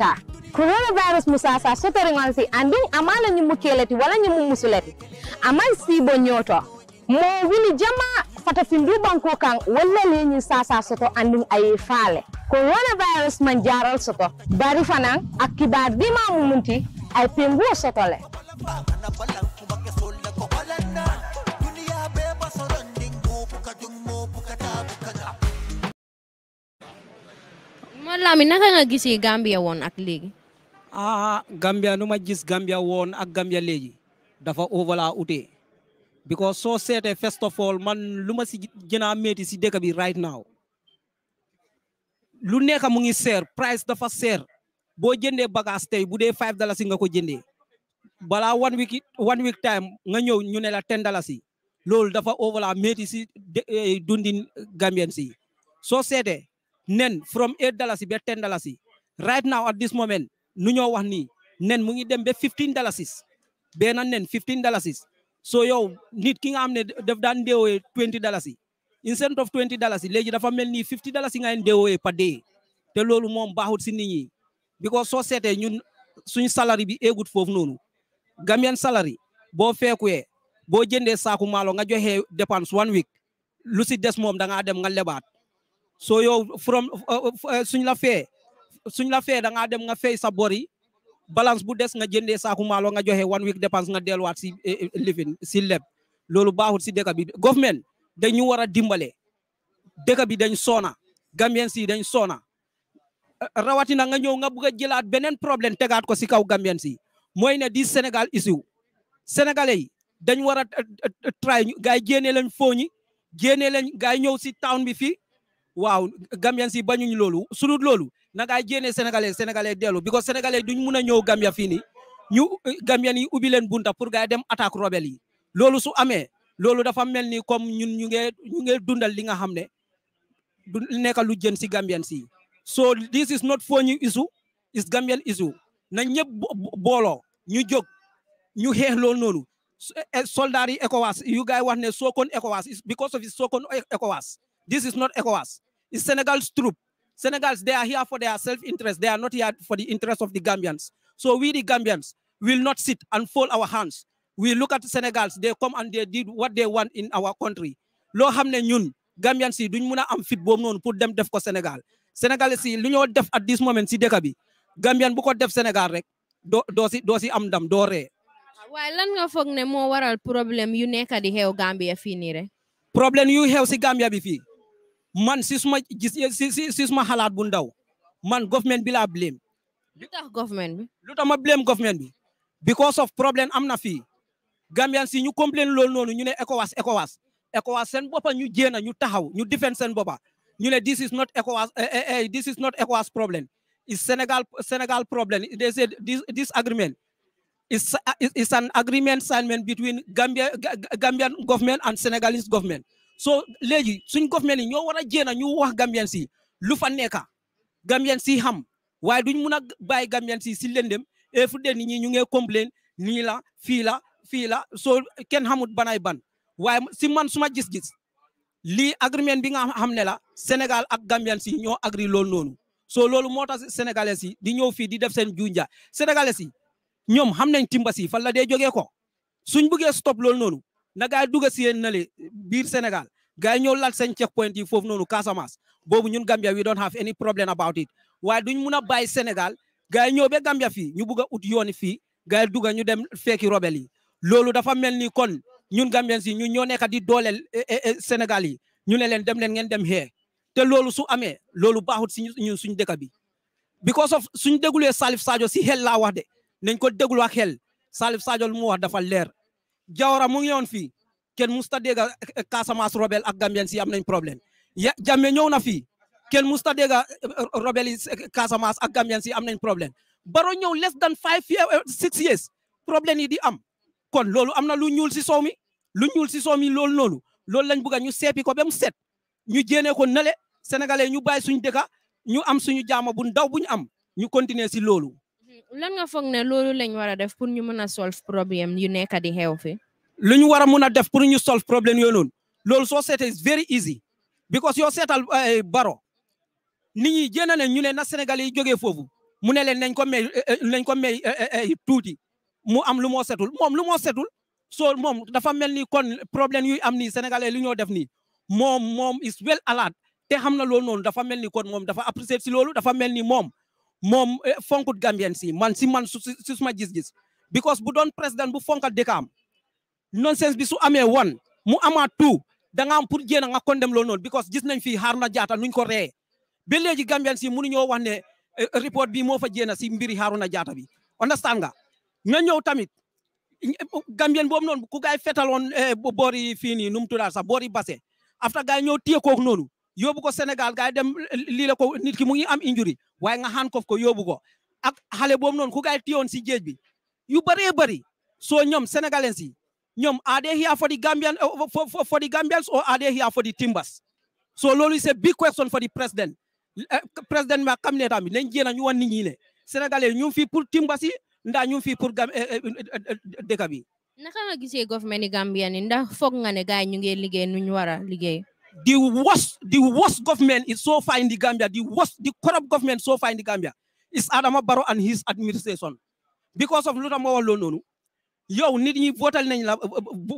Africa. Coronavirus musasa sotoringonsi andin amala nyimukeleti wala nyimumusuleti. Amai sibo nyoto. Mo wili jama fata findu banko kan wala lenyi sasa soto andin ayi fale. Coronavirus man jaral soto. Bari fanan akibar bima a ay penguo soto le. Lamine naka nga gisee Gambia woon ak léegi. ah Gambia nu ma gis Gambia woon ak Gambia léegi dafa overla utee because soo seetee festofol man lu ma si gën a si dëkk bi right now lu nekk mu ngi seer price dafa seer boo jëndee bagage tey bu dee five dalasi nga ko jëndee balaa wan week one nga ñëw ñu ne la ten dalasi loolu dafa overla métti si eh, dundin Gambien si soo seetee nen from eight dalasi ba ten dalasi right now at this moment nu ñoo wax nii nen mu ngi dem ba fifteen dalasis benn nen fifteen dalasis so yow nit ki nga xam ne daf daan deewee twenty dalasi instead of twenty dalasi léegi dafa mel nii fifty dalasi nga leen deewee par day te loolu moom baaxut si nit ñi because soo seetee ñun suñ salari bi eegut foofu noonu gamen salari boo feekuwee boo jëndee saaku maalo nga joxe dépense one week lu si des moom da ngaa dem nga lebaat So yow from uh, uh, uh, suñ la fee suñ la fee da nga dem nga fay sa bor yi balance bu dess nga sa ku malo nga joxé one week dépense nga wat si eh, eh, living ci leb lolu baaxul si dëkk bi government dañu wara dimbalé dimbale bi dañ sona gambien si dañ rawati na nga ñew nga bëgg jëlat benen problème tégaat ko si kaw gambien si moy né di Sénégal issue sénégalais yi dañ wara try gaay yi lañ foñi génnee lañ gaay ñew ci si town bi fi waaw Gambien si bañuñ loolu sudut loolu na ngaa jéene sénégalais sénégalais dellu because sénégalais duñ mun a ñëw Gambia fii nii ñu Gambien yi ubbi leen bunta pour gars dem attaque rebelle yi loolu su amee loolu dafa mel ni comme ñun ñu nge ñu nge dundal li nga xam ne du nekk lu jën si Gambien si so this is not for ñu issu is Gambian issue na ñëpp booloo ñu jóg ñu xeex loolu noonu eh, soldats yi ECOWAS yu gars yi wax ne sookoon ECOWAS because of sookoon e-, ECOWAS This is not ECOWAS. It's Senegal's troop. Senegals, they are here for their self-interest. They are not here for the interest of the Gambians. So we, the Gambians, will not sit and fold our hands. We look at the Senegals, they come and they did what they want in our country. Lo hamne ne ñun Gambians yi duñ mun am fit boobu noonu pour dem def ko Sénégal Sénégalais yi def at this moment si dekabi. Gambian bu ko def Sénégal rek doo doo si do si am ndam doo ree. lan nga foog ne mo waral problem yu neka di o Gambia fi ni re. Problem yu o si Gambia bi man si suma gis si si suma xalaat bu ndaw man government bi laa blame. lu tax government bi. lu tax ma blame government bi. because of problème am na fii. Gambian si ñu complain loolu noonu ñu ne ECOWAS ECOWAS ECOWAS seen boppa ñu jéem a ñu taxaw ñu defend seen boppa ñu ne this is not ECOWAS eh, eh, eh, this is not ECOWAS problem. is Senegal Senegal problem. They said this this agreement is is an agreement signed between Gambia Gambian government and Senegalese government. soo léegi suñ government yi ñoo war a jéena ñu wax Gambian si lu fa nekka Gambian si xam waaye duñ mun a bàyyi Gambian si si lëndëm everyday eh, nit ñi ñu ngee complain nii la fii la fii la soo kenn xamut banay ban waaye si man suma gis-gis lii agreement bi nga xam ne la Sénégal ak Gambian si ñoo agri loolu noonu so loolu moo tax sénégalais yi di ñëw fii di def seen junja sénégalais yi ñoom xam nañ timba si fan la dee jógee ko suñ bëggee stop loolu noonu na duga dugg si yéen Sénégal gaa ñëw laal seen checkpoint yi foofu noonu Casamance ñun Gambia we don't have any problem about it waaye duñ mun Sénégal gaa ñëw ba Gambia fi, ñu bugg fi, ut yooni fii ñu dem fekki robel yi loolu dafa mel kon ñun Gambiens yi ñun ñoo nekk di dooleel Sénégal yi ñu ne leen dem leen ngeen dem xee te loolu su ame, loolu baaxut si ñun dëkk bi because of suñ dégluwee Salif Sadio si xel la wax de nañ ko déglu Salif Sadio mu wax dafa Jawara mu ngi yoon fii kenn musta dégg Casamance rebelle ak Gambien si am nañ problème ya Jammeh ñëw na fii kenn musta dégg eh, eh, rebelle yi eh, ak Gambien si am nañ problème Baro ñëw less than five years six years yi di am kon loolu am na lu ñuul si soow mi lu ñuul si soow mi loolu noonu loolu lañ bëgg ñu seppi ko ba mu ñu jéene ko nale sénégalais ñu bàyyi suñu dëkka ñu am suñu jaama bu ndaw bu ñu am ñu continuer si loolu. lan nga foog ne loolu lañ war a def pour ñu mën a solve problème yu nekk di xew fi. lu ñu war a mun a def pour ñu solve problème yooyu noonu loolu soo seetee is very easy because yoo seetal eh, baro nit ñi jéem ne ñu ne na Sénégal yi jógee foofu mu ne leen nañ ko may eh, eh, nañ ko may tuuti mu am lu moo setul moom lu moo setul soo moom dafa mel ni kon problème yu am nii sénégalais li ñoo def nii moom moom is well alert te xam na loolu noonu dafa mel ni kon moom dafa apprécier si loolu dafa mel ni moom. moom eh, fonkut Gambien si man si man su suma gis-gis because bu don president bu fonkat dekam, nonsense bi su amé one mu ama two da nga am pour jena nga condemn lo non because gis nañ fi harna jata nuñ ko ré ba léegi Gambien si wax eh, report bi mo fa jena si mbiri haruna bi understand nga nga ñew tamit Gambien boobu non ku gaay fetaloon eh, boori fii nii nu mu tuddaat boori Basse after gay ñew tie ko noonu yóbbu ko senegal gay dem li la ko nit ki mu ngi am injury. waaye nga handcuff ko yóbbu ko ak xale boobu noonu ku gaay téyoon si géej bi yu bëree bëri soo ñoom sénégalais yi ñoom are they here for the Gambian uh, for the Gambians or are they here for so loolu se big question fo the president eh, président ma xam ne tamit nañ jéem a ñu wan nit ñi ne sénégalais ñu ngi fii pour Timbers yi ndax ñu fii pour gam eh, eh, dëkk bi. naka nga gisee government Gambia ni ndax foog nga ne gars yi ñu ngi liggéey nu ñu war a liggéey. The worst, the worst government is so far in the Gambia, the worst, the corrupt government so far in the Gambia is Adama Barrow and his administration. Because of Lutam Mawalononu, yow nit ñi votal nañ la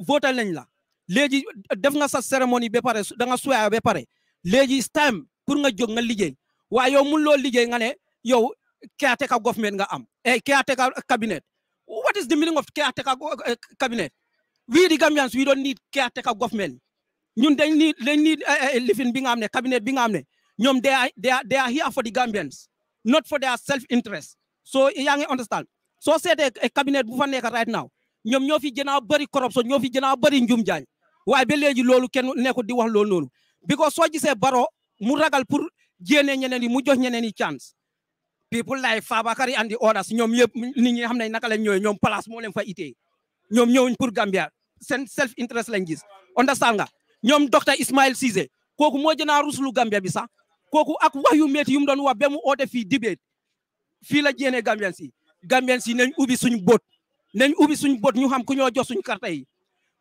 votal nañ la léegi def nga sa cérémonie ba pare da nga suwaya ba pare léegi it's time pour nga jóg nga liggéey waaye yow mun loo liggéey nga ne yow caretaker government nga am eh caretaker cabinet what is the meaning of caretaker eh, cabinet we the Gambians we don't need caretaker government ñun dañ ni dañ ni eh, eh, lifin bi nga xam ne cabinet bi nga xam ne ñoom they are they are they are here for the Gambians not for their self interest so yaa understand soo seetee eh, cabinet bu fa nekk right now ñoom ñoo fi gën a bëri corruption ñoo fi gën a bëri njum jaañ waaye ba léegi loolu kenn nekkul di wax loolu noonu because soo gisee baro mu ragal pour jéene ñeneen yi mu jox ñeneen yi chance people like Fabakary and the others ñoom yëpp nit ñi xam ne naka lañ ñëwee ñoom place moo leen fa itee ñoom ñëwuñ pour Gambia seen self interest lañ gis understand nga ñoom docteur Ismaël Cissé kooku moo jënaa ruslu Gambia bi sax kooku ak wax yu métti yu mu doon wax ba mu oote fii dibéet fii la jéenee Gambien si Gambien si nañ ubbi suñ bóot nañ ubbi suñ bóot ñu xam ku ñoo jox suñ carte yi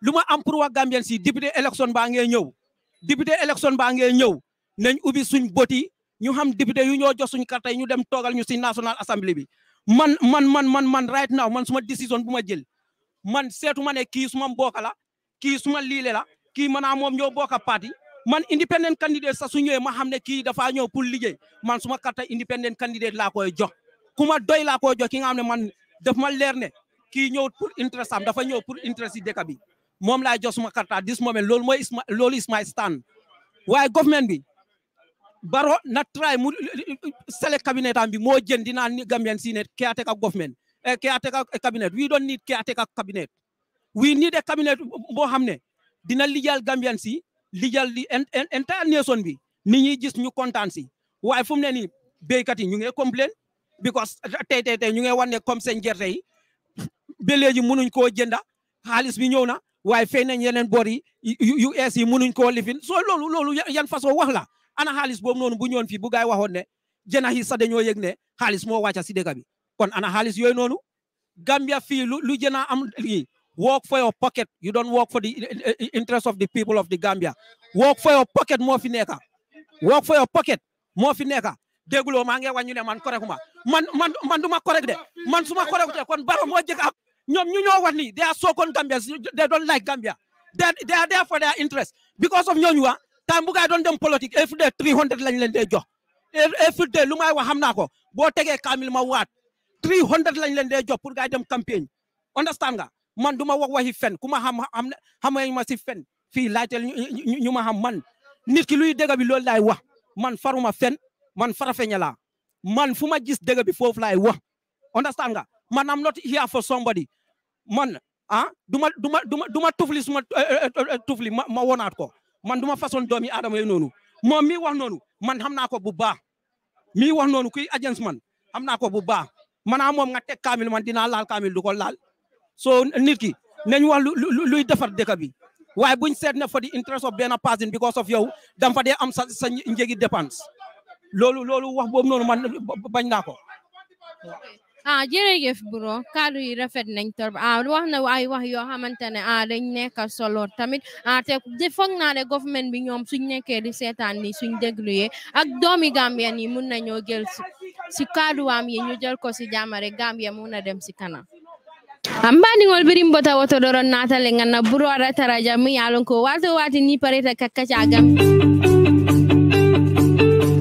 lu ma am pour wax Gambien si député élection baa ngee ñëw député élection baa ngee ñëw nañ ubbi suñ bóot yi ñu xam député yu ñoo jox suñ carte yi ñu dem toogal ñu si national assembly bi man man man man man right now man suma décision bu ma jël man seetu ma ne kii suma mbokk la kii suma liile la kii man a moom ñoo bokk a parti man independent candidate sax su ñëwee ma xam ne kii dafaa ñëw pour liggéey man suma karta independent candidate laa koy jox ku ma doy laa koy jox ki nga xam ne man daf ma leer ne kii ñëw pour interest dafa ñëw pour interest yi dëkk bi moom laay jox suma karta dis moment loolu mooy loolu is my stand waaye government bi baro na try mu select cabinet bi moo jën dinaa ni Gambian si ne caretaker government caretaker eh, cabinet we don't need caretaker cabinet we need a cabinet boo xam ne dina liggéeyal Gambian si liggéeyal li entire nation bi ni ñuy gis ñu kontaan si waaye fu mu ne nii béykat yi ñu ngi complain because tey tey tey ñu ngi wan ne comme seen gerte yi ba léegi mënuñ koo jënda xaalis bi ñëw na waaye fay nañ yeneen bor yi US yi mënuñ koo lifin soo loolu loolu yan façon wax la ana xaalis boobu noonu bu ñëwoon fii bu gaay waxoon ne jëna yi sax dañoo yëg ne xaalis moo wàcca si dëkk bi kon ana xaalis yooyu noonu Gambia fii lu lu jëna am lii work for your pocket you don't work for the interest of the people of the Gambia work for your pocket moo work for your pocket moo fi nekka dégguloo maa ngi wàññi ne man korekuma man man man du ma korek de man su ma korekute kon baro moo jëkk am ñoom ñu ñoo wax ni they are so con Gambia. they don't like Gambia they they are there for their interest because of ñooñu wa time bu gaay doon dem politique every day 300 lañ leen dee jox every day lu may wax xam naa ko boo tegee kaamil ma waat 300 lañ leen dee jox pour gaay dem campagne understand nga man du ma wax waxi fen ku ma xam xam xamañ ma si fen fii laajteel ñu ñu ma xam man nit ki luy dëgg bi loolu laay wax man faruma fen man farafeña laa man fu ma gis dëgg bi foofu laay wax understand nga man am not here for somebody man ah du ma du ma du ma du ma tufli suma eh, eh, eh, tufli ma ma wonaat ko man du ma façon doomi aadama yooyu noonu moom mii wax noonu man xam naa ko bu baax mii wax noonu kuy agence man xam naa ko bu baax man ah, moom nga teg kaamil man dinaa laal kaamil du ko laal so nit ki nañ wax lu luy defar deka bi waye buñ seet ne for the interest of bena person because of yow dam fa dee am sa sa njëgi dépense loolu loolu wax bob nonu man bañ naa ko ah jërëjëf bro kàddu yi rafet nañ torb ah wax na ay wax yo xamantene ah dañ nekk solo tamit ah te foog nare government bi ñom suñ nekkee di sétane ni suñ dégluyé ak doomi Gambien yi mun nañoo jël si am yi ñu jël ko si jamaré gambien Gambia mun dem si kanam ambani ngol birim bota woto ara taraja mi yalon ko wato wati ni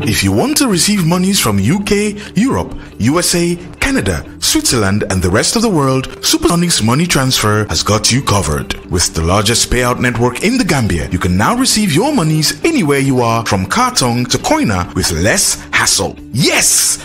if you want to receive monies from UK, Europe, USA, Canada, Switzerland, and the rest of the world, Supersonics Money Transfer has got you covered. With the largest payout network in the Gambia, you can now receive your monies anywhere you are from Kartong to Koina with less hassle. Yes!